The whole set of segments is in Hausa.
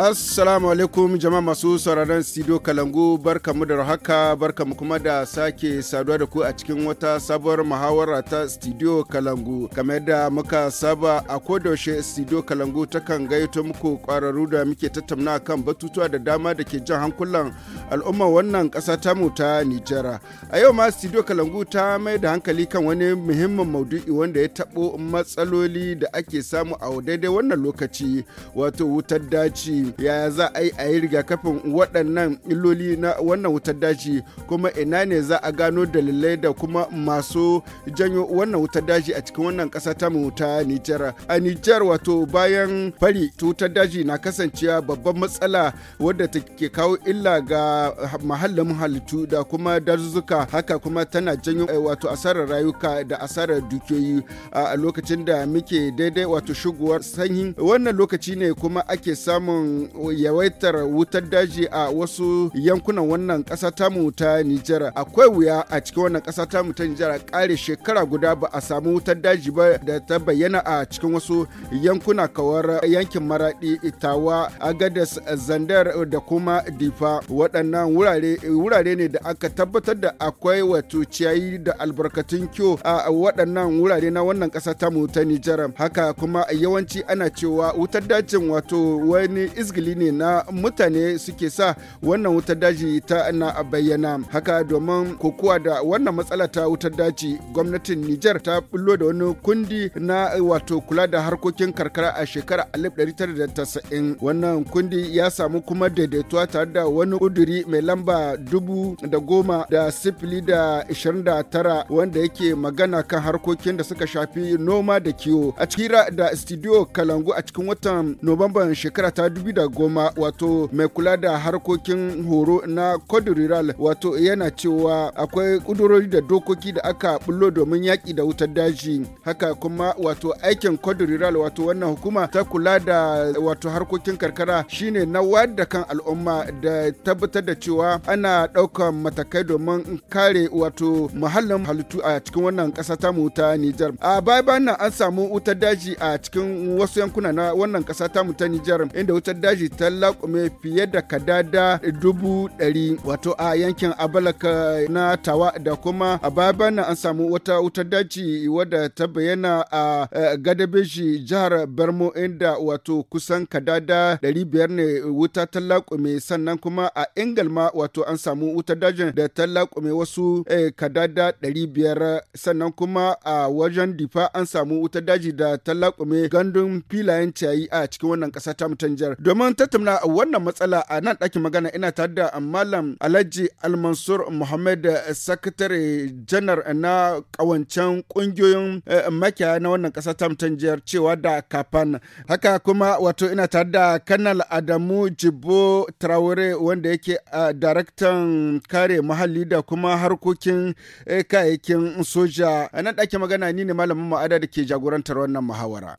Assalamu alaikum jama'a masu sauraron studio Kalangu barkamu da haka barkamu kuma da sake saduwa da ku a cikin wata sabuwar muhawara ta studio Kalangu. Kamar yadda muka saba a kodaushe studio Kalangu takan gaito muku kwararru da muke tattauna kan batutuwa da dama da ke jan hankulan al'umma wannan ƙasa mu ta Nijera. A yau ma studio Kalangu ta mai da hankali kan wani muhimmin maudu'i wanda ya taɓo matsaloli da ake samu a daidai wannan lokaci wato wutar daci. ya yaya za a yi a yi kafin waɗannan iloli na wannan wutar daji kuma ina ne za a gano dalilai da kuma masu janyo wannan wutar daji a cikin wannan ƙasa ta mu ta Nijar. A Nijar wato bayan fari wutar daji na kasancewa babban matsala wadda take kawo illa ga muhallin halittu da kuma dazuzzuka haka kuma tana janyo eh, wato asarar rayuka da asarar dukiyoyi a lokacin da muke daidai wato shigowar sanyi wannan lokaci ne kuma ake samun yawaitar wutar daji a wasu yankunan wannan ƙasa tamu ta Nijar. Akwai wuya a cikin wannan ƙasa tamu ta Nijar ƙare shekara guda ba a samu wutar daji ba da ta bayyana a cikin wasu yankuna kawar yankin Maraɗi, Itawa, Agadas, Zandar da kuma Difa. Waɗannan wurare ne da aka tabbatar da akwai wato ciyayi da albarkatun kyau a waɗannan wurare na wannan ƙasa tamu ta Nijar. Haka kuma yawanci ana cewa wutar dajin wato wani izgili ne na mutane suke sa wannan wutar daji ta na bayyana haka domin kokowa da wannan matsala ta wutar daji gwamnatin Nijar ta bullo da wani kundi na wato kula da harkokin karkara a shekarar 1990 wannan kundi ya samu kuma daidaituwa tare da wani kuduri mai lamba dubu da goma da sifili da ishirin da tara wanda yake magana kan harkokin da suka shafi noma da kiwo a cikin da studio kalangu a cikin watan nobamban shekara ta dubi da goma wato mai kula da harkokin horo na Code wato yana cewa akwai kudurori da dokoki da aka bullo domin yaƙi da wutar daji. Haka kuma wato aikin Code Rural wato wannan hukuma ta kula da wato harkokin karkara shine na wayar kan al'umma da tabbatar da cewa ana ɗaukar matakai domin kare wato muhallin halittu a cikin wannan ƙasa ta mu ta Nijar. A baya nan an samu wutar daji a cikin wasu yankuna na wannan ƙasa ta mu ta Nijar inda wutar daji ta laƙume fiye da kadada dubu ɗari wato a yankin abalaka na tawa da kuma a baya na an samu wata wutar daji wadda ta bayyana a eh, gadabeji jihar bermo inda wato kusan kadada ɗari biyar ne wuta ta laƙume sannan kuma a ingalma wato an samu wutar dajin da ta laƙume wasu eh, kadada ɗari biyar sannan kuma a wajen difa an samu wutar daji da ta laƙume gandun filayen ciyayi a cikin wannan ƙasa ta mutanjar Domin tattauna wannan matsala a nan ɗakin magana ina tare da Malam Alhaji Almansur Muhammad Sakatare Janar na ƙawancen ƙungiyoyin eh, makiya na wannan ƙasa ta jiyar cewa da kafan. Haka kuma wato ina tare da Kanal Adamu Jibo Traore wanda yake a eh, daraktan kare muhalli da kuma harkokin eh, kayayyakin soja. A nan ɗakin magana ni ne malamin ma'ada da ke jagorantar wannan muhawara.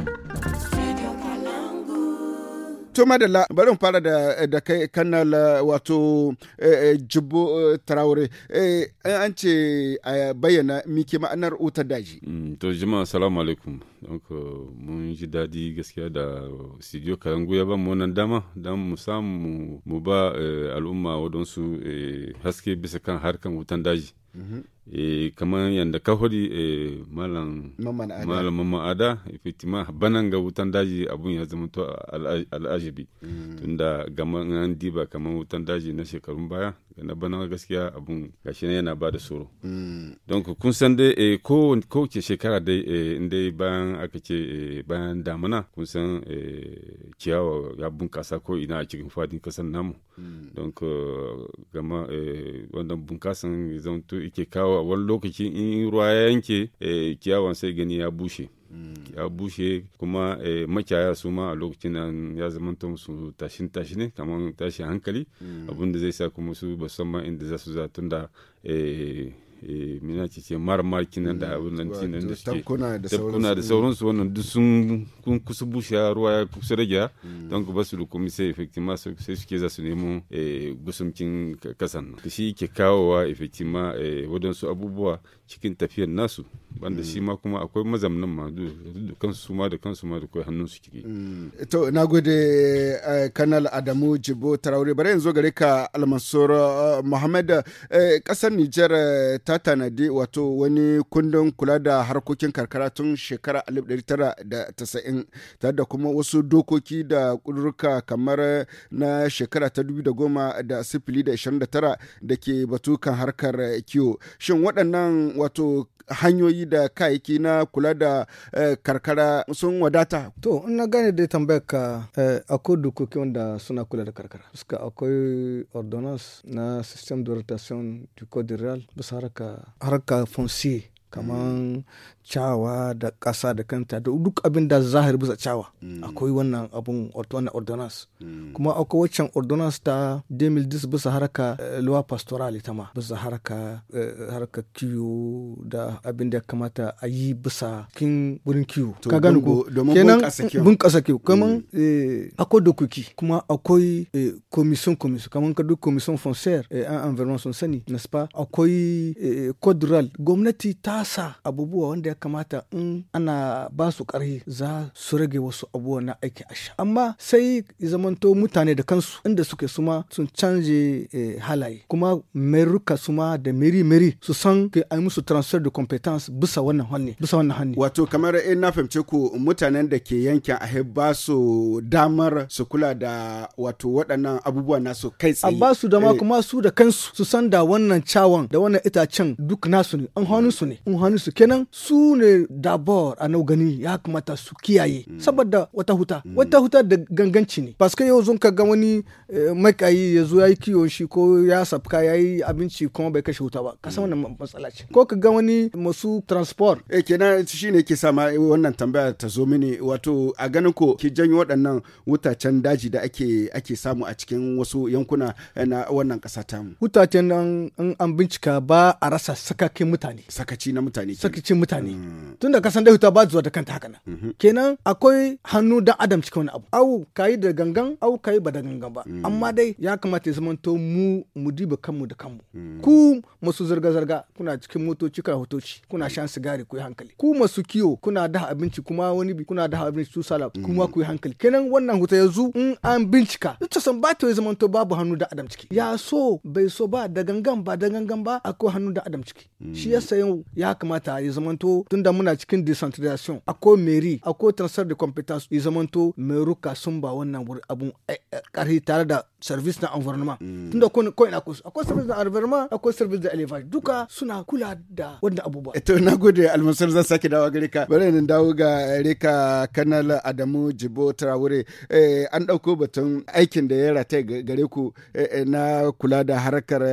To madalla bari fara da, da kai kanal wato eh, eh jibbo tarawore eh, eh an ce a bayyana miki ma'anar utar daji. Mm, to jima salamu alaikum donc euh, mun ji daɗi gaskiya da studio karangu ya ba mu wannan dama don mu samu mu ba eh, al'umma wadansu haske bisa kan harkan wutan daji. Mm-hmm. e kamar yadda ka hori e, eh, malam mamman ada fitima banan ga wutan daji abun ya zama to al'ajibi mm. tun da gama an diba kamar wutan daji na shekarun baya na bana gaskiya abun gashi na yana bada tsoro mm. don ku kun san dai eh, ko ke shekara dai inda bayan aka ce bayan damuna kun san ciyawa ya bunkasa ko ina a cikin fadin kasan namu mm. don ku gama wannan bunkasan zanto ike kawo ciyawa wani lokaci in ruwa ya yanke kiyawan eh, sai gani ya bushe mm. ya bushe kuma eh, makiyaya su ma a lokacin nan ya zamanta musu tashin tashi ne kamar tashi hankali mm. abinda zai sa kuma su ba san ma inda za su za tunda eh, Eh, mina ce ce marmaki nan da mm. abin nan nan da suke tabkuna da sauransu wannan duk sun kun kusa bushe ruwa ya kusa rage mm. don ku basu lukumi sai efektima sai suke za su nemo eh, gusumcin kasan nan shi ke kawowa effectivement eh, wadansu abubuwa cikin tafiyan nasu banda shi mm. ma kuma akwai mazamnin ma da kansu su ma da kansu ma da kai hannun su kike mm. to na gode eh, kanal adamu jibo traore bari yanzu gare ka almansur eh, muhammad kasar eh, niger ta tanadi wato wani kundin kula da harkokin karkara tun shekara 1990 tare da kuma wasu dokoki da kudurka kamar na shekara ta 2010 da sifili da 29 da ke batu kan harkar kiwo shin waɗannan wato hanyoyi da kayaki na kula da eh, karkara sun wadata? To, na gane da tambayar ka eh, akwai dokoki wanda suna kula da karkara. Suka akwai ordonance na system de rotation du code rural bisa haraka haraka foncier kaman cawa da ƙasa da kanta da duk abin da zahiri bisa cawa mm. akwai wannan abun wannan ordonance mm. kuma akwai waccan ordonance ta 2010 bisa haraka eh, luwa pastoral ita ma bisa haraka eh, haraka kiwo da abin da kamata a yi bisa kin wurin kiwo ka gani ko kenan bunƙasa kiwo mm. kaman eh, akwai dokoki kuma akwai commission commission kaman ka duk commission foncière en environnement sun sani n'a ce pas akwai code rural gwamnati ta bunƙasa abubuwa wanda ya kamata in ana ba su ƙarhi za su rage wasu abubuwa na aiki a asha amma sai zamanto mutane da kansu inda suke suma sun canje eh, halaye kuma meruka suma da meri meri su san ke ai musu transfer da competence bisa wannan hanne bisa wannan wato kamar in eh, na fahimce ku mutanen da ke yankin a ba su damar su kula da wato waɗannan abubuwa nasu kai tsaye a ba su dama eh. kuma su da kansu su san da wannan cawan da wannan itacen duk nasu ne an hannun su ne tafin hannunsu kenan su ne dabor a nau gani ya kamata su kiyaye mm. saboda wata huta mm. wata huta da ganganci ne paske yau zon ka ga wani eh, makayi ya zo ya yi kiwon shi ko ya sabka ya yi abinci kuma bai kashe wuta ba kasan mm. wani matsala ce ko ka ga wani masu transport kena eh, kenan shine ke sama wannan tambaya ta zo mini wato a ganin ko ki janyo waɗannan wutacen daji da ake ake samu a cikin wasu yankuna eh, na wannan ƙasa mu wutacen an an bincika ba a rasa sakakin mutane sakaci na na mutane sakacin mutane mm. tunda ka san dahuta ba zuwa da kanta haka nan mm-hmm. kenan akwai hannu dan adam cikin wani abu au kayi da gangan au kayi ba da gangan ba mm. amma dai ya kamata ya zamanto mu mu diba kanmu da kanmu mm. ku masu zarga zarga kuna cikin motoci kuna hotoci kuna shan sigari ku yi hankali ku masu kiyo kuna da abinci kuma wani bi kuna da abinci su sala kuma ku yi hankali kenan wannan huta yanzu in an bincika ita san ba ta to babu hannu da adam ciki ya so bai so ba da gangan ba da gangan ba akwai hannu da adam ciki shi yasa yau ya kamata ya zamanto tunda muna cikin decentralization akwai meri akwai transfer de competence ya zamanto ka sun ba wannan wuri abun karhi eh, eh, tare da service na environnement mm. tunda ko ina ko akwai service na environment akwai service da elevage duka suna kula da wannan abubuwa eh, to na gode almasar zan sake dawo gare ka bari ni dawo ga reka kanal adamu jibo traore an dauko batun aikin da ya rata gare ku na kula da harkar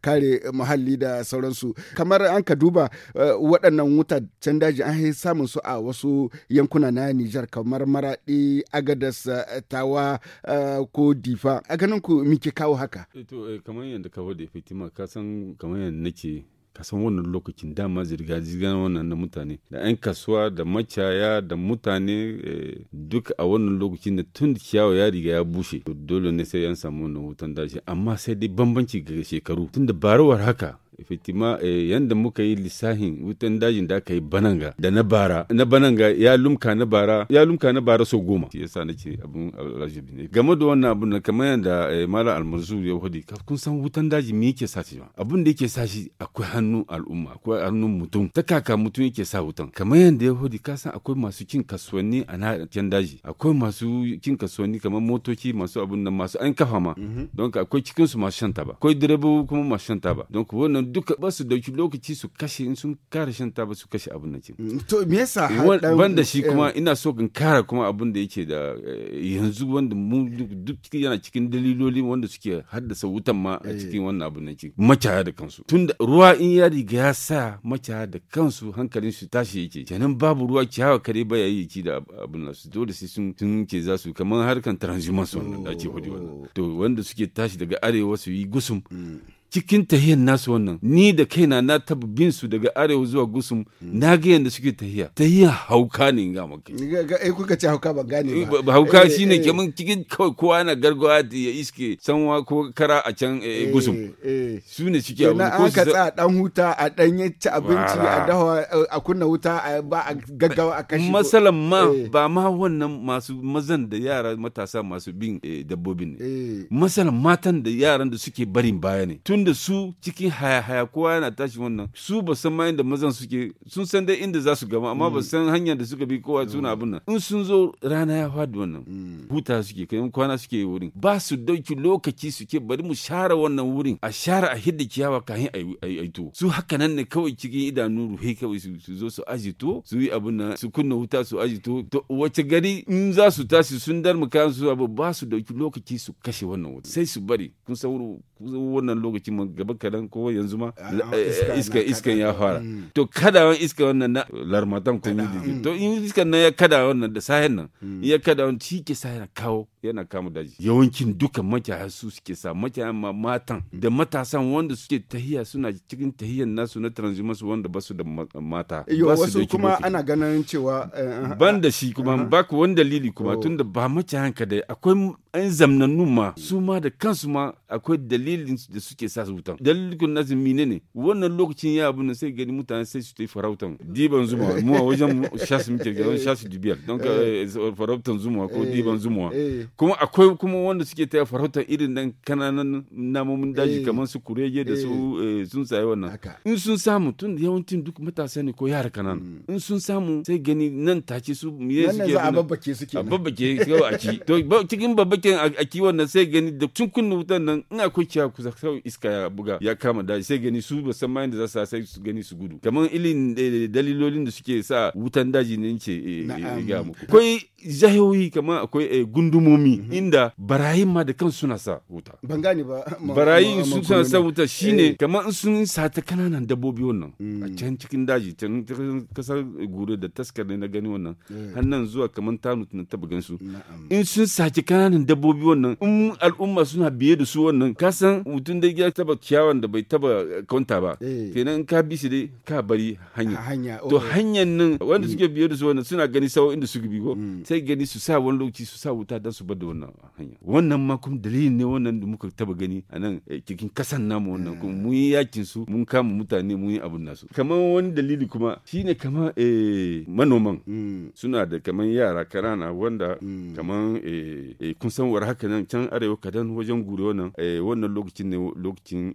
kare muhalli da sauransu kamar an ka duba waɗannan wutacen daji an yi samun su a wasu yankuna na Nijar kamar Maraɗi, Agadas, eh, Tawa eh, ko Difa. A ganin ku muke kawo haka? Eh, to kamar yadda ka da fitima ka san kamar yadda nake ka san wannan lokacin dama zirga zirga wannan na mutane da 'yan kasuwa da macaya da mutane duk a wannan lokacin da tun ciyawa ya riga ya bushe dole ne sai 'yan samu wannan hutun daji amma sai dai bambanci ga shekaru tun da barawar haka fitima eh, yadda muka yi lissahin wutan dajin da aka yi bananga da na bara na bananga ya lumka na bara ya lumka na bara sau goma shi yasa nake abun alajabi ne game da wannan abun kamar yadda eh, mala almarzu ya hudi kun san wutan daji me yake sa shi abun da yake sa shi akwai hannun al'umma akwai hannun mutum ta kaka mutum yake sa wutan kamar yadda ya hudi ka san akwai masu kin kasuwanni a na can daji akwai masu kin kasuwanni kamar motoci masu abun nan masu an kafa ma mm-hmm. don akwai cikinsu masu shan taba akwai direbobi kuma masu shan taba don wannan duka ba su dauki lokaci su kashe in sun kare shan taba su kashe abin nan to me yasa banda shi kuma eh, ina so in kara kuma abin da yake da eh, yanzu wanda mu duk yana cikin daliloli wanda suke haddasa wutan ma a eh. cikin wannan abin nan macaya da kansu tunda ruwa in ya riga ya sa macaya da kansu hankalin su tashi yake kenan babu ruwa ciyawa kare ba yayi yaki da abin nan su dole sai sun sun ce za su kamar harkan transhumance wannan da ake hudu wannan oh. to wanda suke tashi daga arewa su yi gusum mm. cikin tahiyan nasu wannan ni da kaina na taba bin su daga arewa zuwa gusum hmm. na ga yanda suke tahiya tahiya hauka ne ga maka eh kuka ce hauka ban gane ba hauka eh, shine eh. kaman cikin kawai kowa na gargawa ya iske sanwa ko kara a can eh, gusum su ne suke abu ko su a dan huta a dan ci abinci a dawa a kunna wuta a ba a gaggawa a kashi masalan ma ba ma wannan masu mazan da yara matasa masu bin dabbobin ne masalan matan da yaran da suke barin baya ne tun da su cikin haya-haya kowa yana tashi wannan su ba san ma inda mazan suke sun san dai inda za su gama amma ba san hanyar da suka bi kowa suna abin nan in sun zo rana ya faɗi wannan mm. huta suke kai kwana suke wurin ba su dauki lokaci suke bari mu share wannan wurin a share a hidda ciyawa kafin a yi to su haka nan ne kawai cikin idanu ruhe kawai su zo su ajito su yi abin nan su kunna huta su ajito to wace gari in za su tashi sun dar mu kayan su ba su dauki lokaci su kashe wannan wuta sai su bari kun san wannan lokaci aiki mu gaba kadan ko yanzu ma ah, eh, iska iska ya fara mm. to kada kadawan iska wannan na larmatan kun yi mm. to in iska na ya kada wannan da sahen nan mm. ya kada wannan cike ke sahen kawo yana kama daji yawancin duka makiyaya su suke sa makiyayan ma matan da matasan wanda suke tahiya suna cikin tahiyan nasu na transhuman wanda basu da mata wasu kuma ana ganin cewa eh, ban da shi kuma ba ku wani dalili kuma oh. tunda ba makiyayan ka da akwai an zamnannu ma su ma da kansu ma akwai dalilin da suke sa su wutan dalilin na zumi ne wannan lokacin ya abu sai gani mutane sai su tafi farautan diban zuma eh. mu wajen shasu muke gaban shasu eh. dubiyar don farautan zuma ko diban zuma kuma akwai kuma wanda suke taya farauta irin nan kananan namomin daji eh. kamar su kurege da su eh. Eh, tsuntsaye wannan in sun samu tun yawancin duk matasa ne ko yara kanana mm. in sun samu sai gani nan tace su miye suke nan a babbake suke a babbake su a ci to cikin babbaken a kiwon nan sai gani da tun kunna wutan nan in akwai ciya kusa sai iska ya buga ya kama daji sai gani su ba san ma da za su sai su gani su gudu kamar ilin dalilolin da suke sa wutan daji ne ce ga muku jahohi kamar akwai eh, gundumomi mhm. inda barayin ma da kan suna sa wuta ban gane ba barayin sun suna sa wuta shine eh. kamar in sun sata kananan dabbobi wannan a mm. can cikin daji can kasar gure da taskar ne na gani wannan eh. hannan zuwa kamar tanu na taba gansu in sun sace kananan dabbobi wannan in al'umma suna biye da su wannan ka san mutum da ya taba ciyawan da bai taba kwanta ba kenan in ka bi shi dai ka bari hanya to oh. hanyan nan wanda mm. suke biye da su wannan suna gani sawo inda suke bi ko mm. sai gani su sa wani lokaci su sa wuta don su bada wannan hanya wannan ma kuma dalilin ne wannan da muka taba gani a nan eh, cikin kasan namu wannan kuma eh. mun yi yakin su mun kama mutane mun yi abun nasu kamar wani dalili kuma shine kamar eh, manoman hmm. suna da kamar yara karana wanda hmm. kamar kun san war haka nan can arewa kadan wajen gure wannan wannan lokacin ne lokacin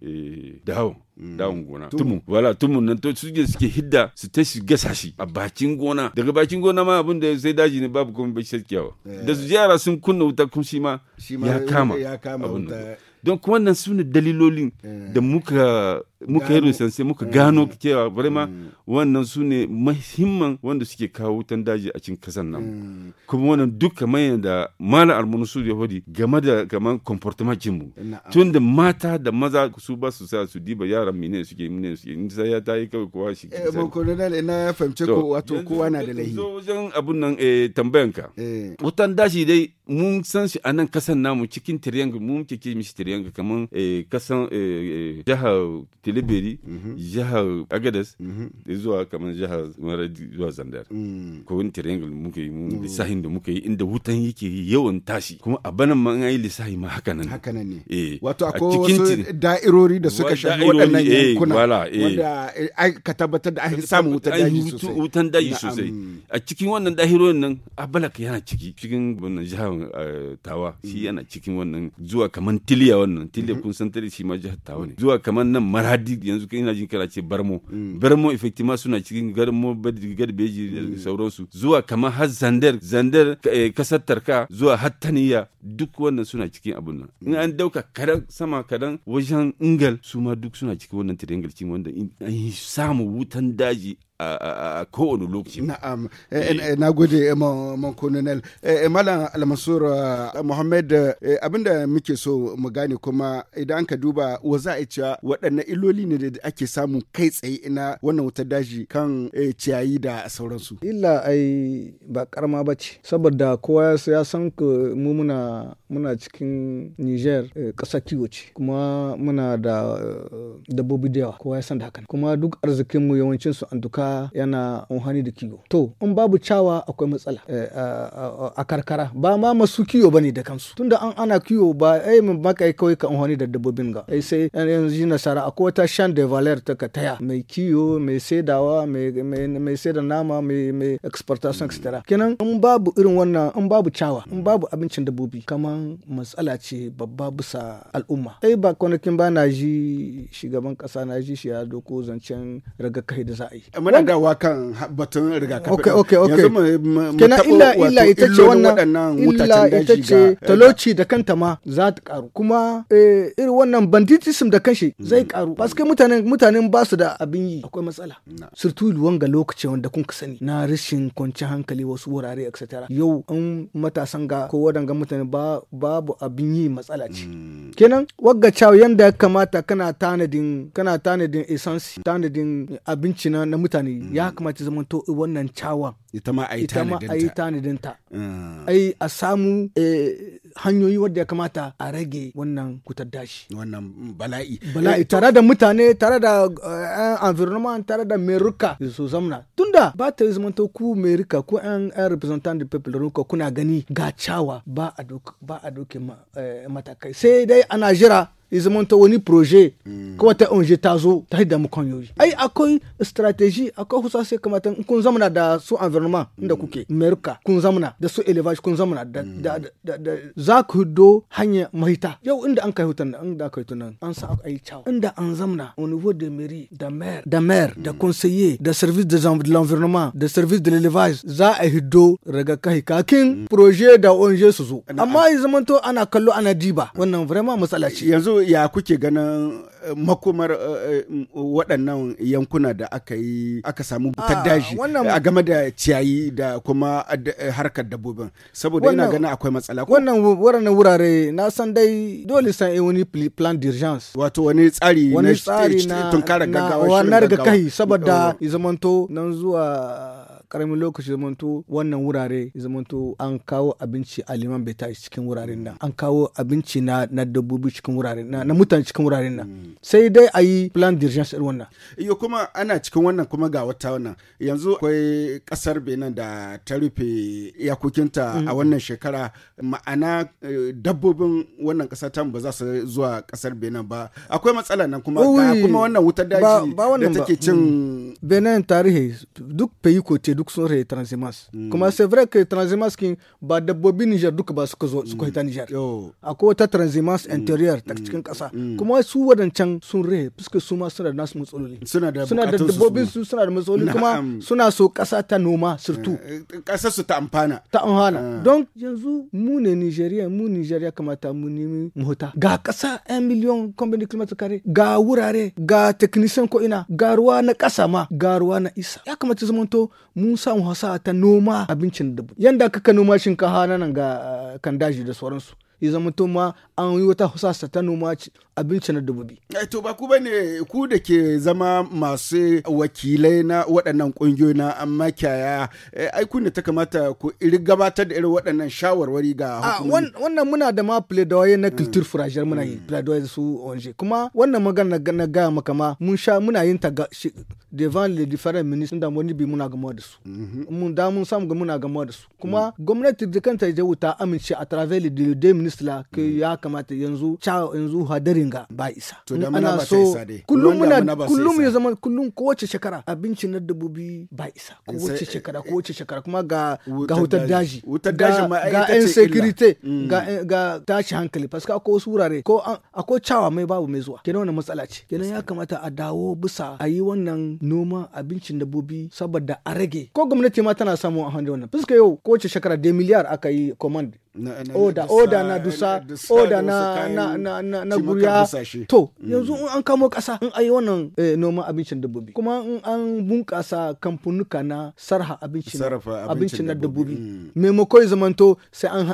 dawo Mm. dawon gona tumu wala tumu nan to je suke hidda su ta su gasa shi a bakin gona daga bakin gona ma abin da sai daji ne babu kuma bai shakkiyawa eh. da su yara sun kunna wuta kun shi ma ya kama ya kama wuta don wannan su dalilolin eh. da muka muka yi risanse muka gano eh. cewa barema hmm. wannan su ne mahimman wanda suke kawo wutan daji a cikin kasan nan hmm. kuma wannan duka mayan da malam almanu su ya hodi game da kaman comportement mu ah. tun da mata da maza su ba su sa su diba yaran mine suke mine suke in sai ya tayi kawai kowa shi k'o bon colonel fahimce ko wato kowa na da lahi zo wajen abun nan eh, tambayanka wutan daji dai mun san shi a nan kasan namu cikin triangle mun kike mishi triangle kaman eh, kasan eh, eh, jihar tilibiri mhm. jihar agadas mhm. zuwa kaman jihar mara zuwa zandar mm. ko wani triangle muka yi mun mm. lissahin da muka yi inda wutan yake yawan tashi kuma a banan ma an yi lissahi ma haka nan haka nan ne wato akwai wasu da'irori da suka shafi waɗannan yankuna wanda ai ka tabbatar da an samu wutan daji sosai wutan daji sosai a cikin wannan da'irorin nan abalaka yana ciki cikin wannan jihar jihar eh, tawa shi mm. yana cikin wannan zuwa kamar tiliya wannan tiliya mm-hmm. kun san tare shi ma jihar tawa ne zuwa kamar nan maradi yanzu kai ina jin kira ce barmo mm. barmo effectivement suna cikin garmo garbeji da mm. sauransu zuwa kamar har zander zander eh, kasar tarka zuwa hattaniya duk wannan suna cikin abun nan in an dauka kadan sama kadan wajen ingal su ma duk suna cikin wannan cikin wanda an samu wutan daji a kowane lokaci. Na'am, eh, eh, eh, na gode man colonel Malam Almasur Muhammad abinda muke so mu gane kuma idan an ka duba wa za a cewa waɗanne iloli ne da ake samu kai tsaye na wannan wutar daji kan ciyayi da sauransu. Illa ai ba karama ba ce, saboda kowa ya san mu muna muna cikin niger eh, ƙasa kiwo ce kuma muna da eh, dabbobi da yawa kowa ya san da hakan kuma duk arzikin mu yawancin su an yana unhani da kiwo to in babu cawa akwai matsala eh, a karkara ba ma masu kiwo bane da kansu tunda an ana kiwo ba ai mun baka kawai ka unhani da dabbobin ga ai sai yanzu nasara akwai wata shan de valer ta ka taya mai kiwo mai saidawa mai saida nama mai exportation etc kenan in babu irin wannan in babu cawa in babu abincin dabbobi kamar matsala ce babba bisa al'umma ai ba kwanakin ba na ji shugaban kasa na ji shi ya doko zancen rigakafi da za a yi muna gawa kan batun rigakafi ok ok ok kenan illa illa ita ce wannan illa ita ce talauci da kanta ma za ta karu kuma eh, irin wannan banditism da kanshi hmm. zai karu paske mutanen mutanen ba su da abin yi akwai matsala surtu ga lokaci wanda kun sani na rashin kwanciyar hankali wasu wurare etc yau an matasan ga ko wadanga mutane ba babu abin yi matsala ce mm. kenan wagga cawo yanda ya kamata kana tanadin kana tanadin essence tanadin abinci na mutane mm. ya kamata zama to wannan cawa ita ma a yi tanadin ta mm. ai a samu eh, hanyoyi wadda ya kamata a rage wannan kutar dashi wannan bala'i bala'i eh, tare da mutane tare da eh, environment tare da meruka su zamna tunda ba ta zama to ku meruka ko yan representant de people kuna gani ga cawa ba a ba a doke eh, matakai sai dai ana jira i zamanta wani proje ko wata on je tazo. ta hidda mu kanyoyi ai akwai strategy akwai husa sai kamata kun zamana da su environment inda kuke merka kun zamana da su elevage kun zamana da da da. za ku hiddo hanya mahita yau inda an kai hutan inda aka yi nan an sa ai cawa inda an zamana au niveau de mairie da maire da maire da conseiller da service de l'environnement da service de l'élevage za a hiddo raga kai kakin projet da ONG su zo amma ya zamanto ana kallo ana diba wannan vraiment matsala ce yanzu ya kuke ganin eh, makomar eh, eh, waɗannan yankuna da aka yi aka samu ah, butar a game da ciyayi da kuma harkar dabbobin saboda yana ganin akwai matsala wannan waɗannan wurare na san dai dole san wani plan d'urgence wato wani tsari na tunkarar gaggawa wani wani saboda oh. zamanto nan zuwa karamin lokaci zamanto wannan wurare zamanto an kawo abinci a liman beta cikin wuraren nan an kawo abinci na na dabbobi cikin wuraren nan na mutane cikin wuraren nan hmm. sai dai a yi plan d'urgence irin wannan iyo kuma ana cikin wannan kuma ga wata wannan yanzu akwai kasar Benin da ta rufe iyakokinta a hmm. wannan shekara ma'ana eh, dabbobin wannan kasa ta ba za su zuwa kasar Benin ba akwai matsala nan kuma kuma wannan wutar daji da take cin hmm. Benin tarihi duk fayiko ce duk duk sun rai transhumance mm. kuma c'est vrai que kin ba dabbobi Niger duka ba suka zo mm. suka hita Niger akwai wata transhumance mm. interior ta cikin kasa kuma su wadancan sun rai fuska su ma suna da nasu matsaloli suna da dabbobin su suna da matsaloli kuma suna so kasa ta noma surtout kasa eh, eh, su ta amfana ta amfana ah. don yanzu mu ne Nigeria mu Nigeria kamata mu nemi mu huta ga kasa 1 million combien de kilomètres ga wurare ga technician ko ina ga ruwa na kasa ma ga ruwa na isa ya kamata zamanto mu san samu hasa ta noma abincin da yanda kaka noma shinkafa na nan ga eh, kan da sauransu ya zama to ma an yi wata husasa ta noma abinci na dububi. Eh, to ba ku bane ku da ke zama masu wakilai na waɗannan ƙungiyoyi na makiyaya eh, ai ku ne ta kamata ku iri gabatar da irin waɗannan shawarwari ga ah, hukumomi. wannan muna da ma pledoyer na mm. culture fouragère muna yi mm. pledoyer su onje kuma wannan magana na gaya maka ma mun sha muna yin ta devant les différents ministres da wani bi muna gamuwa da su. Mhm. mun da mun samu muna gamuwa da su kuma mm. gwamnati da kanta ya wuta amince a travers les deux ministres ministla ke mm. ya kamata yanzu ca yanzu hadarin ga ba isa to da ana so kullum muna kullum ya zama kullum kowace shekara abincin na dububi ba isa kowace shekara kowace shekara kuma ga ga hutar daji hutar daji ma ga en security mm. ga ga tashi hankali paska ko surare ko akwai cawa mai babu mai zuwa kenan wannan matsala ce kenan ya kamata a dawo bisa a yi wannan noma abincin dabbobi saboda a rage ko gwamnati ma tana samu a hannun wannan fuska yau kowace shekara da miliyar aka yi command oda oda na dusa oda na na na na, na guriya to mm. yanzu an kamo kasa in ayi wannan eh, noman abincin dabbobi kuma in an bunkasa kamfanuka na sarha abincin abincin na dabbobi mm. maimako ya zamanto sai an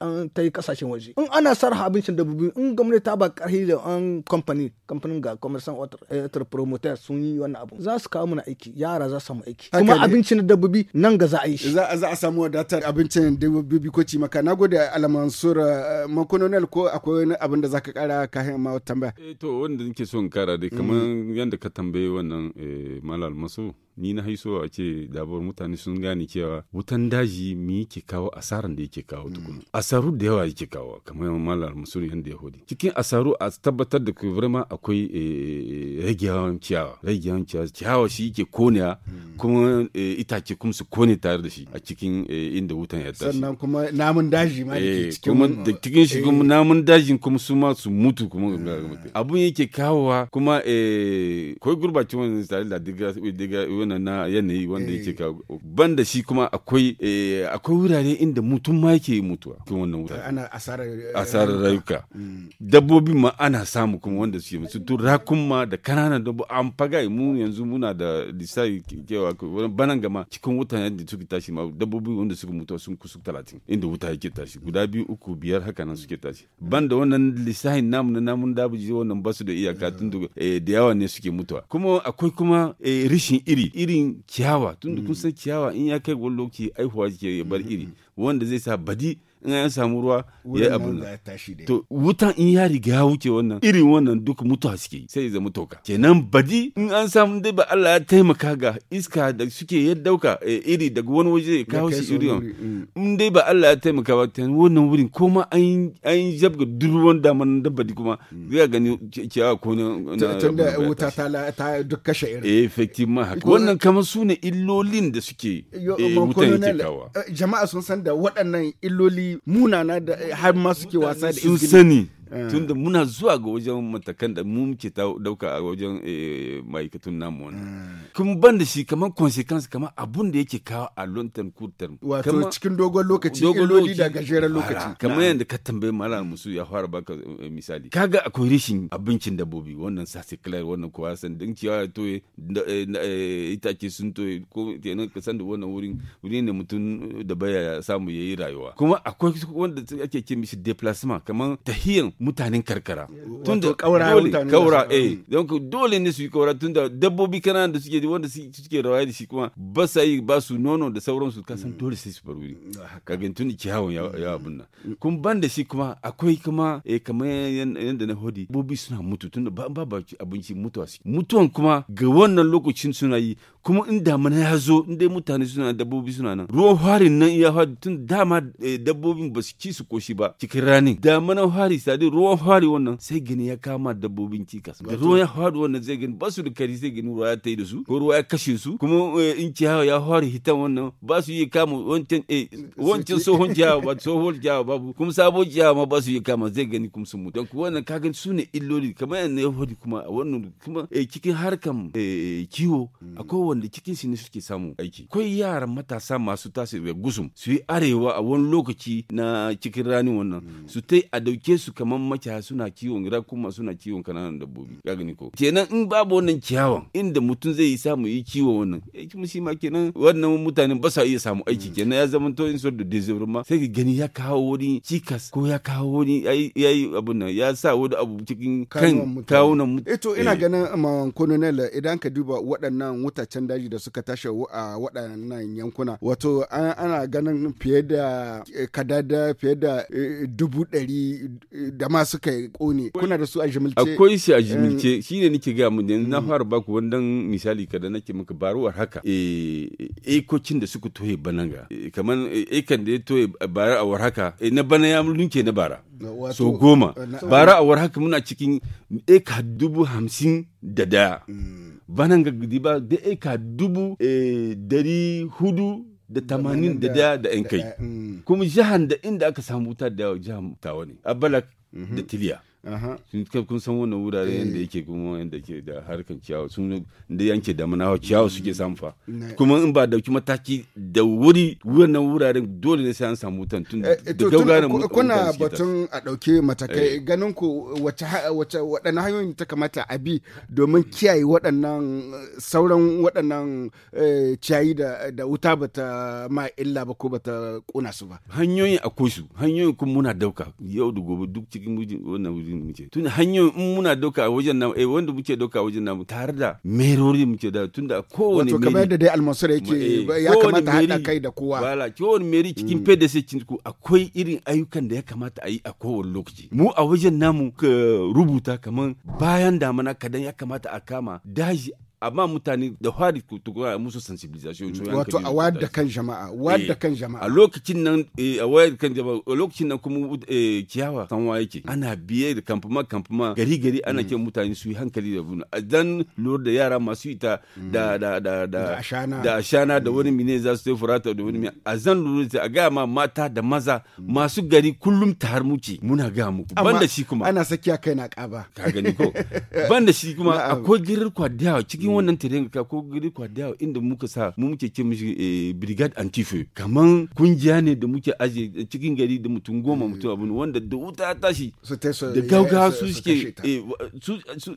an ta yi kasashen waje in ana sarha abincin dabbobi in gwamnati ta ba karhi da an kamfani kamfanin ga commercial water eh, promoter sun yi wannan abu za su kawo mana aiki yara za su samu aiki kuma abincin dabbobi nan ga za a yi shi za a samu wadatar abincin dabbobi ko ci ka na gode almansur eh, makononel ko akwai wani abin da zaka kara kafin ma tambaya eh, to wanda nake son kara dai mm. kamar yadda ka tambaye wannan eh, malal masu ni na haiso a ce dabar mutane sun gane cewa wutan daji mi yake kawo asaran da yake kawo tukuna mm. asaru da yawa yake kawo kamar malar musulun yan da yahudi cikin asaru a tabbatar da ku vrema akwai eh, eh, rage yawan ciyawa rage yawan ciyawa ciyawa shi yake konewa mm. kuma eh, itace kuma su kone tare da shi a cikin inda wutan ya tashi sannan kuma namun daji ma yake cikin kuma da cikin shi kuma namun dajin kuma su ma su mutu kuma abun yake kawowa kuma koi gurbacin wannan tare da diga wannan na yanayi wanda yake eh. ka ban da shi kuma akwai eh, akwai wurare inda mutum ma yake mutuwa cikin wannan wurare ana asarar eh, rayuka mm. dabbobi ma ana samu kuma wanda suke mutu to rakun ma da kananan dabbo an faga mu yanzu muna da lissafi kewa banan gama cikin wutan yadda suke tashi ma dabbobi wanda suka mutuwa sun kusa talatin inda wuta yake tashi guda biyu uku biyar haka nan suke tashi ban da wannan lissafi namu na namun dabbobi wannan basu da iyaka tun da yawa ne suke mutuwa kuma akwai kuma rishin iri irin kiyawa tun da mm. san kiyawa in ya kai wani lokaci aihuwa ke ya bar mm-hmm. iri wanda zai sa badi in an samu ruwa ya abin to wutan in ya riga ya wuce wannan irin wannan duk mutu suke yi ya zama toka kenan badi in an samu dai ba Allah ya taimaka ga iska da suke ya dauka eh, iri daga wani waje ya kawo shi iriyon mm. in dai ba Allah ya taimaka ba ta wannan wurin koma an yi jabga durwan daman da badi kuma mm. zai gani ciyawa ko na tunda wuta ta duk kashe iri eh, effectivement haka wannan kamar su ne illolin da suke eh, wutan yake kawo jama'a sun san da waɗannan illoli munana da eh, har ma suke wasa da sun sani Eh. tunda muna zuwa ga wajen matakan da mu muke dauka a wajen eh, ma'aikatun namu wannan eh. kuma ban da shi kamar consequence kamar abun da yake kawo a long term court term wato cikin dogon lokaci dogon da gajeren lokaci kamar yadda ka tambaye malam musu ya fara baka misali kaga akwai rishin abincin dabbobi wannan sasi clear wannan kowa san din ciyawa to itace sun to ko kenan ka san da wannan wurin wurin ne mutum da baya samu yayi rayuwa kuma akwai wanda ake ce mishi déplacement kamar tahiyan mutanen karkara tunda kaura kaura eh don ku dole ne su yi kaura tunda dabbobi kana da suke wanda suke rawaye da shi kuma ba sa yi ba su nono da sauransu ka san mm. dole sai su bar wuri ka kagin tun kiyawon ya mm. abun nan kun ban da shi kuma akwai kuma eh kamar yanda na hodi bobi suna mutu tunda ba ba ba abinci mutuwa su mutuwan kuma ga wannan lokacin suna yi kuma in damana ya zo in dai mutane suna dabbobi suna nan ruwan harin nan ya hadi tun dama eh, dabbobin ba su ci su koshi ba cikin ranin damana hari sadi da ruwan fari wannan sai gani ya kama dabbobin cikas da ruwan ya fari wannan zai gani ba su da kari sai gani ruwa ya tai da su ko ruwa ya kashe su kuma eh, in ciyawa ya fari hitan wannan ba su yi kama wancan eh wancan tsohon ciyawa ba tsohon ciyawa babu kuma sabo ciyawa ma ba su yi kama zai gani kuma su mutu don wannan kagan su ne illoli kamar yadda ya fadi kuma a wannan kuma eh cikin harkan eh, kiwo hmm. akwai wanda cikin su ne suke samu aiki akwai yaran matasa masu tasiri da gusum su yi arewa a wani lokaci na cikin rani wannan hmm. su tai a dauke su kamar kaman makiya suna kiwon rakuma suna kiwon kananan dabbobi ka gani ko kenan in babu wannan ciyawan inda mutum zai yi samu yi kiwo wannan eh kuma shi ma kenan wannan mutane ba sa iya samu aiki mm. kenan ya zama to in so da ma sai ka gani ya kawo wani cikas ko ya kawo wani yayi abun nan ya sa wani abu cikin kan kawunan mutane eh to ina eh. ganin mawan um, colonel idan ka duba waɗannan wutacen daji da suka tashi a uh, waɗannan yankuna wato ana ganin fiye da eh, kadada fiye da eh, dubu ɗari da da ma suka kone kuna da su a jimilce akwai shi a eh. jimilce ne nake ga mu yanzu na fara baku wannan misali kada nake muku baruwar haka eh ekocin da suka toye bananga eh, kaman eh, ekan da ya toye bara a war haka na bana ya mulunke na bara so goma bara a war haka muna cikin eka dubu hamsin da daya hmm. banan ga ba da eka dubu dari hudu da tamanin da daya da yan kai hmm. kuma jihar da inda aka samu wuta da jihar mutawa ne abalak det tidiga. kun san wannan wurare eh. yadda yake kuma yadda ke da harkar ciyawa sun da yanke da manawa ciyawa suke samu fa kuma in ba dauki mataki da wuri wannan wuraren dole ne sai an samu wutan tun eh, eh, da gaugarin kuna batun a dauke matakai ganin ku wace wace wadannan hanyoyin ta kamata a bi domin kiyaye waɗannan sauran waɗannan ciyayi da da wuta bata ma illa ba ko bata kuna su ba hanyoyin akwai su hanyoyin kuma muna dauka yau da gobe duk cikin wannan irin muke tun hanyoyin in muna doka a wajen namu eh wanda muke doka a wajen namu tare da merori muke da tunda kowane meri wato kamar yadda dai almasura yake eh, ya kamata haɗa kai da kowa wala kowane meri cikin sai mm. cinku akwai irin ayyukan da ya kamata a yi a kowane lokaci mu a wajen namu ka rubuta kaman bayan damana kadan ya kamata a kama daji amma mutane da fari tukuna musu sensibilisation wato a wadda kan jama'a wadda eh, kan jama'a a lokacin nan eh, a wayar kan jama'a a lokacin nan kuma kiyawa eh, sanwa yake ana biye da kamfuma kamfuma gari gari ana kiran mm. mutane su yi hankali da bunu dan lura da yara masu ita mm. da da da da ashana da ashana da wani mm. mine za su yi furata da wani a zan lura da a ga ma mata da maza masu gari kullum ta har muke muna ga muku banda shi kuma ana sakiya kai na kaba ka gani ko banda shi kuma akwai girirkwa da yawa cikin wannan tirin ka ko gari kwa da inda muka sa mu muke ce mishi eh, brigade feu kaman kungiya ne da muke aje cikin gari da mutum goma mm. mutum abu wanda da wuta tashi da gauga eh, su suke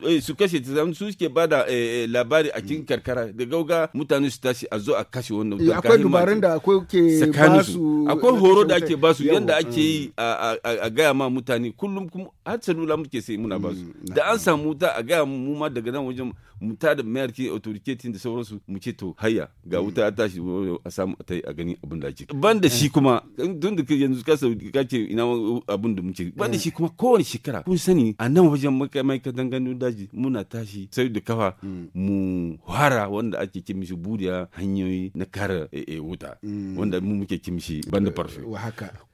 eh, su kashe ta su suke bada labari a cikin mm. karkara da gauga mutane su tashi a zo a kashe wannan akwai dubarun da akwai ke basu akwai horo da ake basu yanda ake yi a gaya ma mutane kullum kuma har nula muke sai muna ba su mm, da an samu ta a ga mu ma daga nan wajen mu ta da mayarki ke authoritating da sauransu mu ce to haya ga mm. wuta ta tashi a samu a tai a gani abin da ake ban da shi eh. kuma tun da yanzu ka ka ce ina abin da muke ban da mm. shi kuma kowane shekara kun sani a nan wajen ma'aikatan gandun daji muna tashi sai da kafa mu fara wanda ake kimshi buriya hanyoyi na kare eh, eh, wuta wanda mu muke kimshi ban da farfe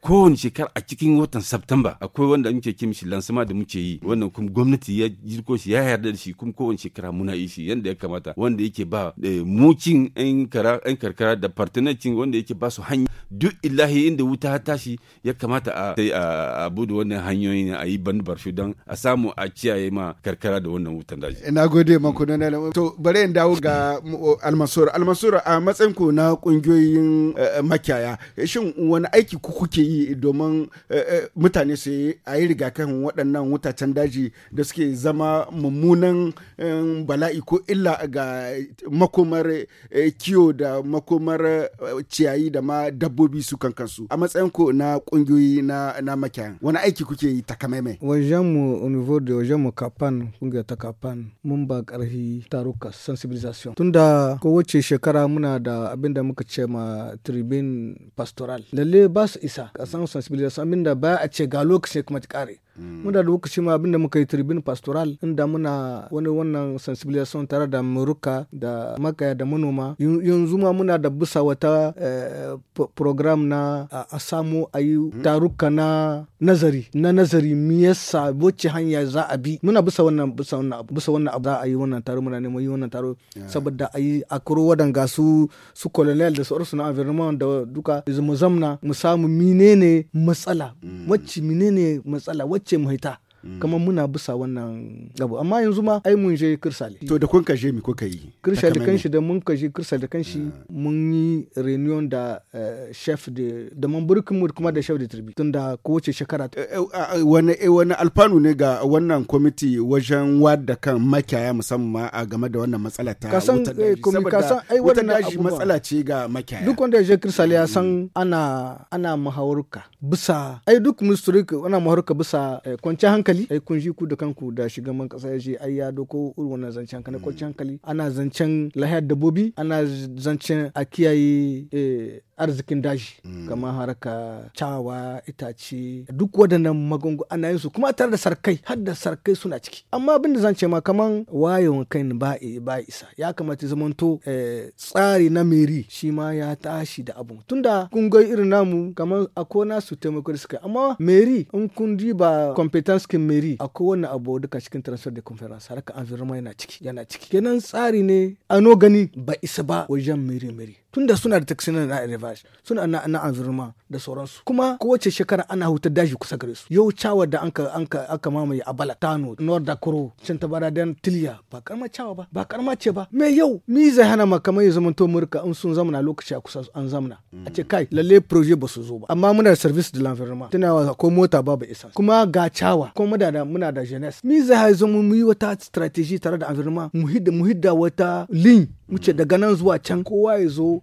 kowane shekara a cikin watan September akwai wanda muke kimshi lansa finansama da muke yi wannan kuma gwamnati ya jirko shi ya yarda da shi kuma kowane shekara muna yi shi yadda ya kamata wanda yake ba eh, mucin yan karkara da partenacin wanda yake ba su hanya duk illahi inda wuta ta tashi ya kamata a sai a budu wannan hanyoyin a yi ban barfi don a samu a ciyaye ma karkara da wannan wutan daji eh, na gode maku na to bare in dawo ga eh, almasura almasura a matsayin ku na kungiyoyin makiyaya shin wani aiki ku kuke yi domin mutane su yi a yi rigakafin waɗannan wutacen daji da suke zama mummunan um, bala'i ko illa ga eh, makomar eh, kiyo da makomar eh, ciyayi da ma dabbobi su kansu a matsayin ko na ƙungiyoyi na, na wani aiki kuke yi takamaimai wajenmu univor da wajenmu kapan ƙungiyar ta kapan mun ba ƙarfi taruka sensibilisation tun tunda kowace shekara muna da abin da muka ce ma tribune pastoral lalle ba su isa kasan sensibilisation abin da ba a ce ga lokacin kuma ta ƙare muna da lokaci ma abinda muka yi tribune pastoral inda muna wani wannan sensibilisation tare da muruka da makaya da manoma yanzu ma muna da bisa wata eh, program na a samu a yi hmm. taruka na nazari na nazari miyasa yasa wacce hanya za a bi muna bisa wannan bisa wannan abu wannan abu za a yi wannan taro muna neman yi wannan taro saboda a yi a kuro wadanga su su colonel da sauransu na environment da duka mu zamna mu samu menene matsala hmm. wacce menene matsala wacce mahita Mm. kamar muna bisa wannan abu amma yanzu ma ai mun je kirsale to da kun ka je mi kuka yi kirsale kanshi da mun ka je kirsale kanshi ah. mun yi reunion da eh, chef de da mamburkin mu kuma da chef de tribu tunda kowace shekara wani eh, eh, wani alfanu ne ga wannan committee wajen wadda kan makiyaya musamman a game da wannan matsala ta kasan kasan ai wannan matsala ce ga makiyaya duk wanda ya je kirsale ya mm. san ana ana muhawarka bisa ai duk musturik ana muhawarka bisa kwanciyar hankali hankali ai eh, kun ji ku da kanku da man kasa ya ce ai ya doko irin wannan zancen kana kwanci hmm. hankali ana zancen lahiyar dabobi ana zancen a kiyaye eh, arzikin daji hmm. kamar haraka cawa itace duk waɗannan magungu ana yin su kuma tare da sarkai har da sarkai suna ciki amma abin da zance ma kaman wayewan kai ba eh, ba isa ya kamata zamanto tsari na meri shi ma ya tashi da abu tunda kungai irin namu kamar a nasu su taimako da suka amma meri in kun ba competence cikin meri a kowane abu duka cikin transfer da conference harka an yana ciki yana ciki kenan tsari ne ano gani ba isa ba wajen meri meri da suna da taxonomy na elevage suna na na environment da sauransu kuma kowace shekara ana hutar daji kusa gare su yau cawar da anka anka aka mamaye a balatano nor da koro can bara dan tilya ba karma cawa ba ba karma ce ba me yau mi zai hana makamai ya zama to murka in sun zamana lokaci a kusa an zamana a ce kai lalle projet ba su zo ba amma muna da service de l'environnement wa ko mota babu isa kuma ga cawa kuma da muna da jeunesse mi zai zama mu yi wata strategy tare da environnement mu muhidda wata lin muce daga nan zuwa can kowa ya zo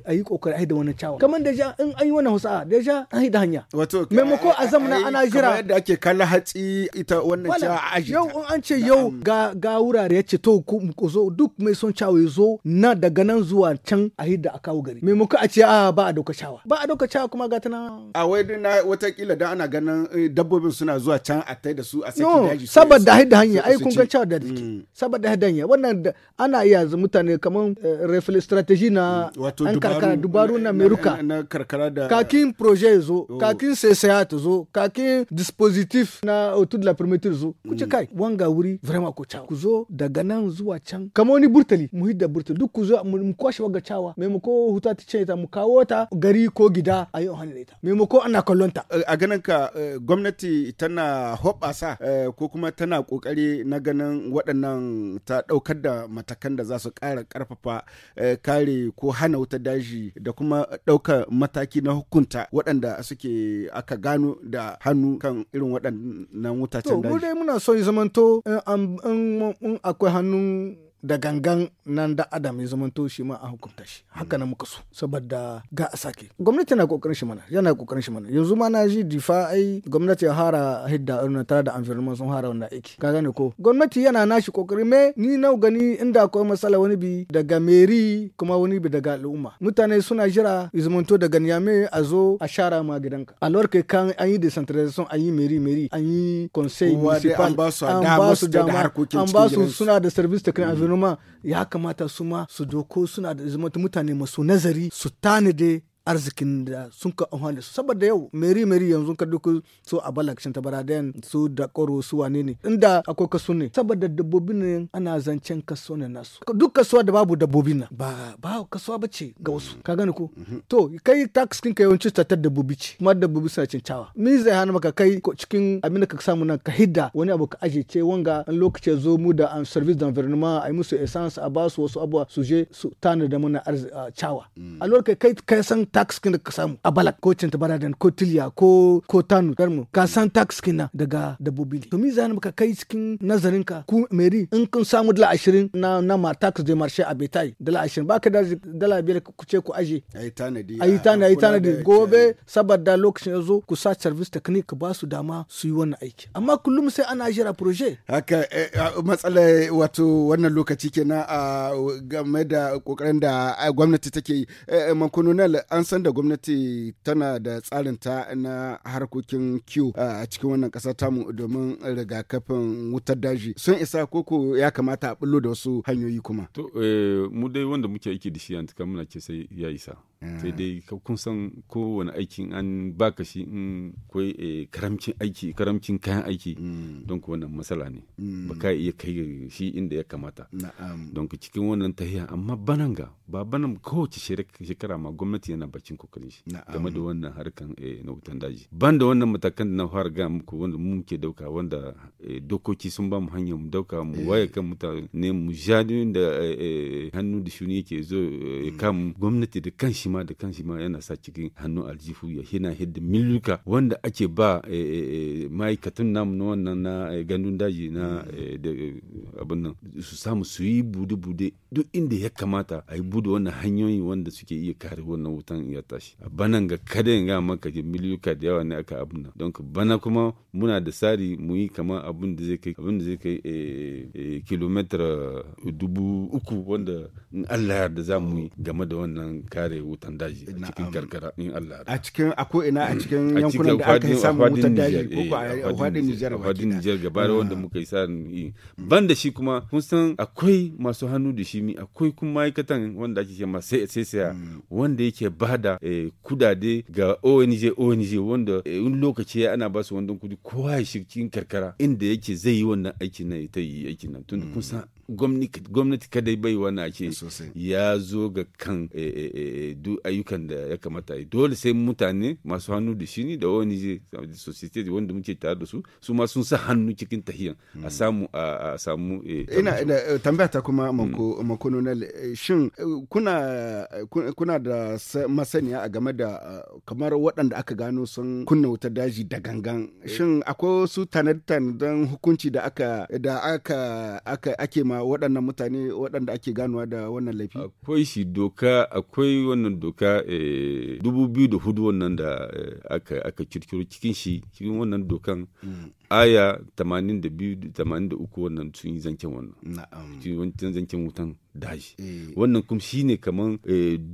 a yi kokari a da wani cawa kamar da ja in an yi wani hausa da ja an da hanya wato maimako a zamana ana jira kamar yadda ake kalla hatsi ita wannan cawa a ajiye yau in an ce yau ga ga wurare ya ce to ku zo duk mai son cawa ya zo na daga nan zuwa can a da a kawo gari maimako a ce a ah, ba a dauka cawa ba a dauka cawa kuma ga tana a wai na watakila da ana ganin eh, dabbobin suna zuwa can a tai da su a saki daji saboda haida hanya ai kun ga cawa da take mm. saboda haida hanya wannan ana iya mutane kamar eh, reflex strategy na mm, wato karkara dubaru na meruka na karkara da kakin proje zo oh. kakin sesaya ta zo kakin dispositif na autour de la permeture zo ku ce mm. kai wanga wuri vraiment ko cawa ku zo daga nan zuwa can kamar wani burtali mu hidda burtali duk ku zo mu kwashe waga cawa maimako huta ta ce ta mu kawo ta gari ko gida a yi ta. da ita maimako ana kallon ta eh, a ganin ka eh, gwamnati tana hobasa eh, ko kuma tana kokari na ganin waɗannan ta ɗaukar da matakan da za su ƙara ƙarfafa kare ko hana wuta dari daji da kuma ɗaukar mataki na hukunta waɗanda suke aka gano da hannu kan irin waɗannan wutacen daji. To, mu dai muna so yi zamanto in eh, akwai hannun da gangan nan da adam ya zamanto shi ma a hukunta shi haka na muka so saboda ga a sake gwamnati na kokarin shi mana yana kokarin shi mana yanzu ma na ji difa ai gwamnati ya hara hidda na tare da environment sun hara wannan aiki ka gane ko gwamnati yana nashi kokari me ni na gani inda akwai matsala wani bi daga meri kuma wani bi daga al'umma mutane suna jira ya zamanto daga me a zo a shara ma gidanka a lorke kan an yi decentralization an yi meri meri an yi conseil municipal an ba su dama an ba su suna da service technical mm. ma ya kamata su ma su doko suna da zama mutane masu nazari su tanade arzikin da sun ka amfani da su saboda yau meri meri yanzu ka duk su a balakcin tabaradayan su da koro su wane ne inda akwai kaso ne saboda dabbobi ne ana zancen kaso ne nasu duk kasuwa da babu dabbobi na ba ba kasuwa ba ce ga wasu ka gani ko mm-hmm. to kai tax kin ka yawanci tatar dabbobi ce kuma dabbobi suna cawa mi zai hana maka kai cikin abin da ka samu nan ka hidda wani abu ka aje ce wanga an lokaci zo mu da an um, service da a ai musu essence a ba su wasu abuwa su je su tana da mana uh, cawa mm. a lokacin kai kai san tax kin da ka samu a balak ko da ko tilya ko ko tanu darmu ka san tax kin na daga dabbobi ne to mi zan maka kai cikin nazarin ka ku meri in kun samu dala ashirin na na ma tax de marché a betai dala ashirin baka da dala biyar ku ce ku aje ayi tanadi ayi tanadi ayi tanadi gobe saboda lokacin ya zo ku sa service technique ba su dama su yi wannan aiki amma kullum sai ana jira projet haka eh, matsala wato wannan lokaci kenan a game da kokarin da gwamnati take yi eh, eh, mankunonal an an san da gwamnati tana da tsarin ta na harkokin kiwo a cikin wannan kasa tamu domin rigakafin wutar daji sun isa koko ya kamata a bullo da wasu hanyoyi kuma. To eh, mu dai wanda muke aiki da shi yanzu muna ke sai ya isa. sai dai eh. kun san kowane aikin an baka shi in kai eh, karamcin aiki karamcin kayan aiki hmm. don ku wannan matsala ne hmm. ba ka iya kai shi inda ya kamata don ku cikin wannan tahiya amma bananga ba banan kowace shekara ma gwamnati yana bacin kokarin shi game da wannan harkan eh, na wutan daji ban da wannan matakan na fara ga muku wanda mu ke dauka wanda dokoki sun ba mu hanyar mu dauka mu waye kan mutane mu jani da hannu da shuni yake zo ya hmm. kamu gwamnati da kanshi ma da kanshi ma yana sa cikin hannun aljihu ya hina hidda milluka wanda ake ba eh, eh, eh, ma'aikatan namu na wannan na gandun daji na abin nan su samu su yi bude-bude duk inda ya kamata a yi bude wannan hanyoyi wanda suke iya kare wannan wutan ya tashi a banan ga kada in ga maka ji miliyuka da yawa ne aka abin nan don bana kuma muna da tsari mu yi kamar abin da zai kai abin da zai kai kilomita dubu uku wanda in Allah yarda za mu yi game da wannan kare wuta wutan daji a cikin karkara in Allah a cikin a ko ina a mm. cikin yankunan da aka samun wutan daji ko eh, a fadin Nijar a fadin Nijar gaba da wanda muka yi sa yi mm. ban da shi kuma kun san akwai masu hannu da shi mi akwai kuma ma'aikatan wanda ake cewa sai sai mm. wanda yake bada eh, kudade ga ONG ONG wanda eh, in lokaci ana ba su wannan kudi kowa ya shi cikin karkara inda yake zai yi wannan aikin na ita yi aikin nan tun kun san gwamnati kadai bai wani ake ya zo ga kan eh, eh, eh, duk ayyukan da ya kamata yi dole sai mutane masu hannu da shi ne da wani society wanda muke tare da su su ma sun sa hannu cikin tahiyan a hmm. samu a samu ina tambaya ta kuma makononal hmm. shin kuna kuna da masaniya a game da kamar waɗanda aka gano sun kunna wuta daji da gangan shin akwai su tanadar hukunci da aka da aka ake ma waɗannan mutane waɗanda ake ganuwa da wannan laifi akwai shi doka akwai wannan doka eh, dubu biyu da hudu wannan da eh, aka kirkiro cikin shi cikin wannan dokan mm. aya tamanin da biyu tamanin da uku wannan sun yi zancen wannan wancan zancen wutan daji eh. wannan kuma shine kaman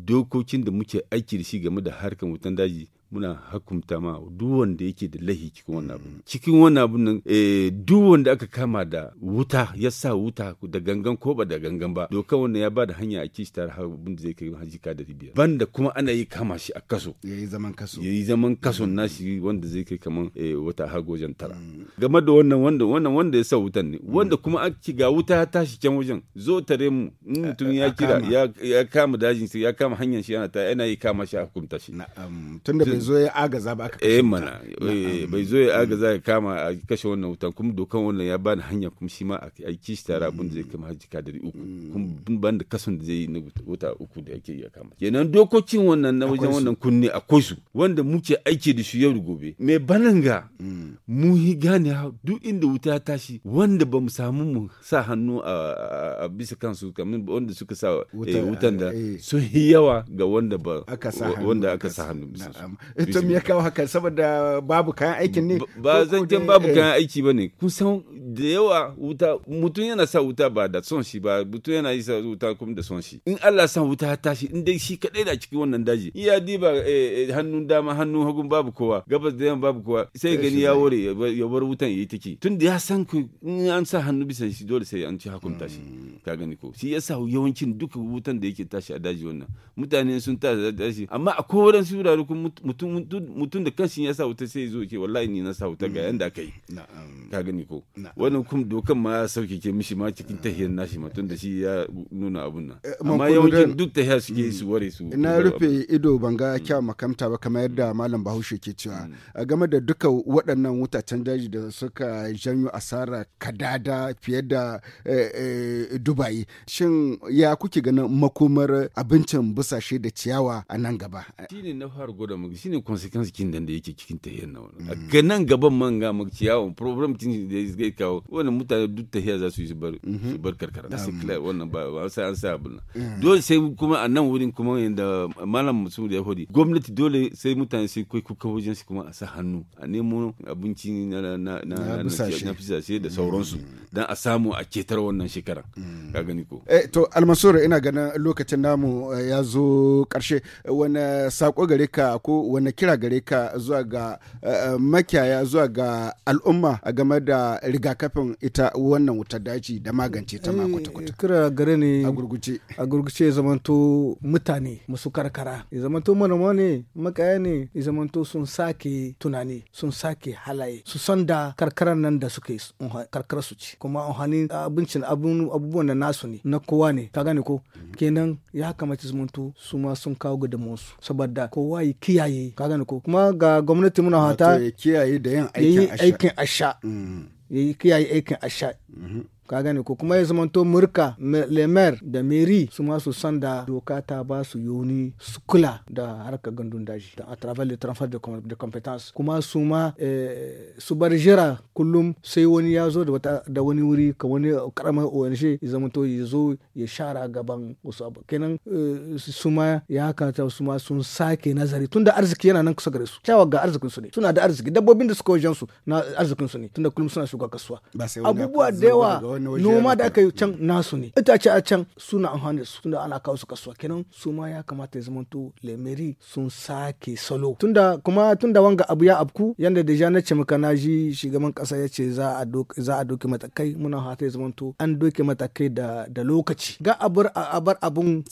dokokin da muke aiki da shi game da harkar wutan daji muna hakumta ma duk wanda yake da lahi cikin wannan abu cikin wannan abu nan eh, duk wanda aka kama da wuta ya sa wuta da gangan ko ba da gangan ba doka wannan ya ba da hanya a kishi tare har abin da zai kai haji ka da biyar banda kuma ana yi kama shi a kaso yayi zaman kaso yayi zaman kaso shi wanda zai kai kaman eh, wata har tara game da wannan wanda wannan wanda ya sa wutan ne wanda kuma a ga wuta ya tashi can wajen zo tare mu in mutum ya kira ya kama dajin shi ya kama hanyar shi yana ta yana yi kama shi a hukunta shi tunda bai zo ya agaza ba ka eh mana eh, bai zo ya agaza ka kama a kashe wannan wutan kuma dokan wannan ya bani hanya kuma shi ma a aiki shi tare abin zai kama hajji kadari uku mm. kuma ban da kasan da zai yi na wuta uku da yake iya kama kenan dokokin wannan na wajen wannan kunne a kosu wanda muke aiki da shi yau da gobe me bananga mu mm. yi gane duk inda wuta ya tashi wanda ba mu samu mu sa hannu a bisa kansu kamin wanda suka sa eh, wutan da eh. sun yi yawa ga wanda ba wanda aka sa hannu Eh, to me ya kawo haka saboda babu kayan aikin ne ba zancen babu eh. kayan aiki ba ne kusan da yawa wuta mutum yana sa wuta ba da son shi ba mutum yana yi sa wuta kuma da son shi in Allah sa wuta ta tashi in dai shi kadai da cikin wannan daji iya ba eh, hannun dama hannun hagun babu kowa gabas da yamma babu kowa sai gani ya wore ya bar wutan yayi take tun da ya san ku in an sa hannu bisa shi dole sai an ci hakunta shi hmm. ka gani ko shi yasa yawancin duka wutan da yake tashi a daji wannan mutane sun tashi daji amma a kowadan su wurare kuma mutum da kanshi ya sa wuta sai ya zo ke wallahi ni na sa wuta ga mm. yanda kai yi ka gani ko wannan kuma dokan ma ya sauke ke mishi ma cikin tahiyar nashi ma tunda shi ya nuna abun nan eh, amma yawanci duk ta tahiyar suke su mm, ware su na rufe ido ban ga mm. kya makamta ba kamar yadda malam bahaushe ke cewa game da duka waɗannan wutacen daji da suka janyo asara kadada fiye da eh, eh, dubai shin ya kuke ganin makomar abincin busashe da ciyawa a nan gaba shine na fara gwada shi ne consequence kin dan da yake cikin ta na wani ga nan gaban man ga maka problem kin da zai kawo wannan mutane duk tahiya za su yi bar mhm. bar karkara da clear wannan ba ba sai an sa abin nan dole sai kuma a nan wurin kuma yanda malam musu da ya hodi gwamnati dole sai mutane sai kai kuka wajen su kuma a sa hannu a nemo abinci na na na na na fisa sai da mm. sauransu dan a samu a ketar wannan shekara mm. ka gani ko eh to almasura ina ganin lokacin namu eh, ya zo karshe wani sako gare ka ko wani kira gare ka zuwa ga eh, eh, makiyaya zuwa ga al'umma a game da rigakafin ita wannan wutar daji da magance ta ma eh, kwata Kira gare ne a gurguce. A gurguce ya zamanto mutane musu karkara. Ya zamanto manoma ne makaya ne ya zamanto sun sake tunani sun sake halaye su san da karkaran nan da suke karkara su ci kuma amfanin abincin abubuwan da nasu ne na kowa ne ka gane ko mm-hmm. kenan ya kamata zamanto su ma sun kawo gudunmu saboda kowa ya kiyaye Eh. ka gani ko kuma ga gwamnati muna hata ya kiyaye da yin aikin asha mm. ya kiyaye aikin asha mm-hmm. ka gane ko kuma ya zamanto murka lemer da meri su ma su san da doka ta ba su yoni su kula da harkar gandun daji a travers le transfer de competence kuma su ma eh, su bar jira kullum sai wani ya zo da wani wuri ka wani karamar ONG ya zamanto ya zo ya shara gaban wasu abu kenan eh, su ma ya kata su ma sun sake nazari tunda arziki yana nan kusa gare su cewa ga arzikin su ne suna da arziki dabbobin da suka wajen su na arzikin su ne tunda kullum suna shiga kasuwa abubuwa da yawa wani waje noma da aka yi mm. can nasu ne itace a can suna an da su tunda ana kawo su kasuwa kenan su ma ya kamata ya to lemeri sun sake salo tunda kuma tunda wanga abu ya abku yanda da ja na ce maka na ji shugaban kasa ya ce za a doke za a doke matakai muna hata ya to an doke matakai da da lokaci ga abar abar abun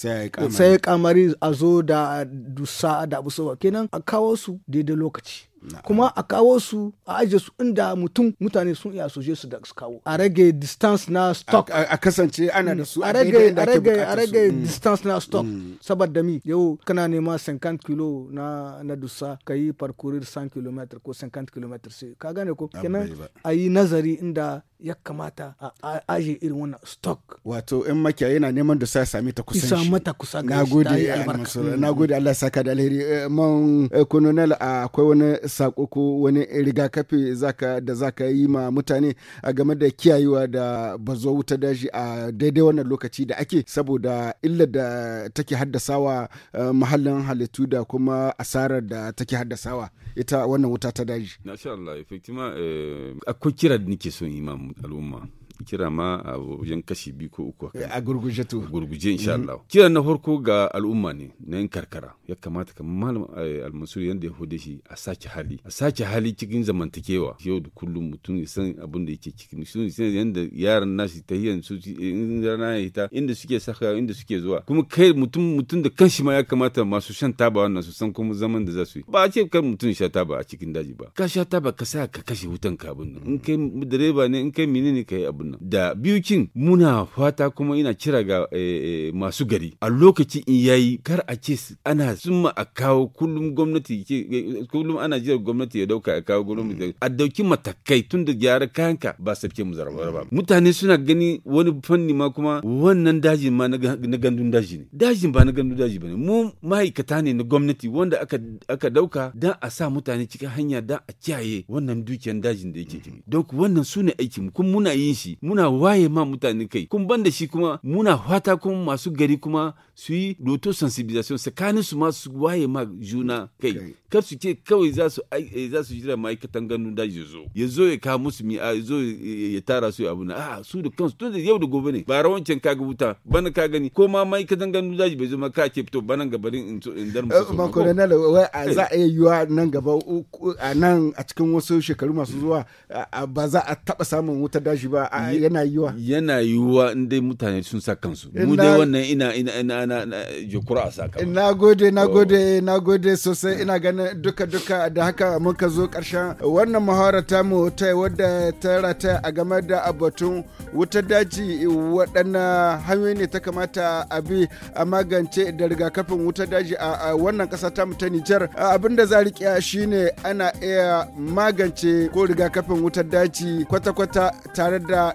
sai kamari a zo da dusa da abu kenan a kawo su daidai lokaci kuma a kawo su a ajiye su inda mutum mutane sun iya soje su da su kawo a rage distance na stock a kasance ana da su a rage a rage a mm. rage distance na stock mm. saboda mi yau kana nema 50 kilo na na dusa kai yi parcourir 100 km ko 50 km sai ka gane ko kenan a yi nazari inda ya kamata a aje irin wannan stock wato in makiya yana neman da sa sami ta kusan shi mata kusa ga shi nagode mm. Allah saka da alheri eh, mun kununal eh, akwai wani sako ko wani rigakafi zaka da zaka yi ma mutane a game da kiyayewa da bazo wuta daji a daidai wannan lokaci da ake saboda illar da take haddasawa eh, mahallin halittu da kuma asarar da take haddasawa ita wannan wuta ta daji. na sha Allah, effectivement eh, akwai kira da nike son ma al'umma. kira ma a wajen kashi biyu ko uku a gurguje to gurguje insha mhm. Allah kiran na farko ga al'umma ne na yin karkara ya kamata ka malam eh, almasur yanda ya hode shi a sake hali a sake hali cikin zamantakewa yau da kullum mutum ya san abin da yake cikin su san yanda yaran nasu ta hiyan su in rana ya ta inda suke saka inda suke zuwa kuma kai mutum mutum da kanshi ma ya kamata masu shan taba wannan su san kuma zaman da za su yi ba a ce kar mutum sha taba a cikin daji ba ka sha taba ka sa ka kashe wutan ka abin in kai direba ne in kai menene ka yi abin abin nan da biyu kin muna fata kuma ina kira ga eh, eh, masu gari a lokaci in yayi kar a ce ana summa a kawo kullum gwamnati eh, kullum ana jira gwamnati ya dauka a kawo gwamnati mm. a dauki matakai tun da gyara kanka ba sabke mu zarafara ba mutane suna gani wani fanni ma kuma wannan dajin ma na gandun daji ne dajin ba na gandun daji ba ne mu ma'aikata ne na gwamnati wanda aka aka dauka dan a sa mutane cikin hanya dan a kiyaye wannan dukiyan dajin da yake ciki mm. don wannan su ne aikin kuma muna yin shi muna waye ma mutane kai kun ban da shi kuma muna fata kuma masu gari kuma su yi roto sensibilisation tsakanin su ma su waye ma juna kai kar su ce kawai za su eh, za su jira ma'aikatan gandun daji ya zo ya zo ya kawo musu mi'a ya zo ya tara su abu na a su da kansu tun da yau da gobe ne ba rawancin kaga wuta bana ka gani ko ma ma'aikatan gandun daji bai zo ma ka ce fito banan gabarin in dar musu ma ko nan wai za a yiwa nan gaba a nan a cikin wasu shekaru masu zuwa ba za a taba samun wutar daji ba a yana yiwa yana yiwa in dai mutane sun sa kansu mu dai wannan ina ina ina na jukura a saka na gode na oh. gode na gode sosai ina ganin duka duka da haka muka zo karshen wannan muhawara ta mu ta wadda ta rata a game da abatun wutar daji waɗanne hanyoyi ne ta kamata a bi a magance da rigakafin wutar daji a wannan ƙasa ta mu ta Nijar da za riƙe shine ana iya magance ko rigakafin wutar daji kwata-kwata tare da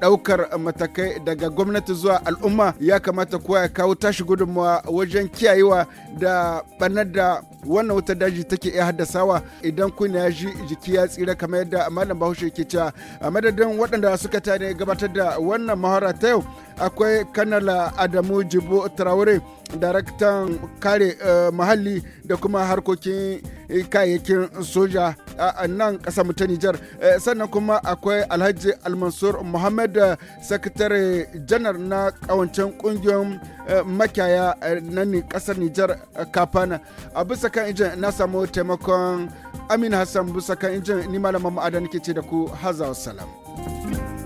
ɗaukar matakai daga gwamnati zuwa al'umma ya kamata kowa ya kawo tashi gudunmawa wajen kiyayewa da banar da wannan wuta daji take iya haddasawa idan kuna ya ji jiki ya tsira kamar yadda malam bahaushe ke cewa a madadin waɗanda suka tare gabatar da wannan mahara ta yau akwai kanala adamu jibo traore daraktan kare eh, muhalli da kuma harkokin eh, kayayyakin soja a nan ƙasa mutane jar eh, sannan kuma akwai alhaji almansur muhammad da sakatare janar na kawancen kungiyoyin eh, makiyaya eh, na kasar Nijar eh, kafana a bisa kan injin na samu taimakon Amin Hassan bisa kan injin ni malamin ma'adani ke ce da ku haza salam.